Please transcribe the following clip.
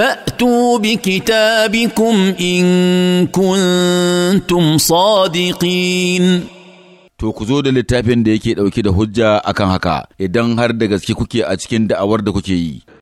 فاتوا بكتابكم ان كنتم صادقين to ku zo da littafin da yake ɗauke da hujja akan haka idan har da gaske kuke a cikin da'awar da kuke yi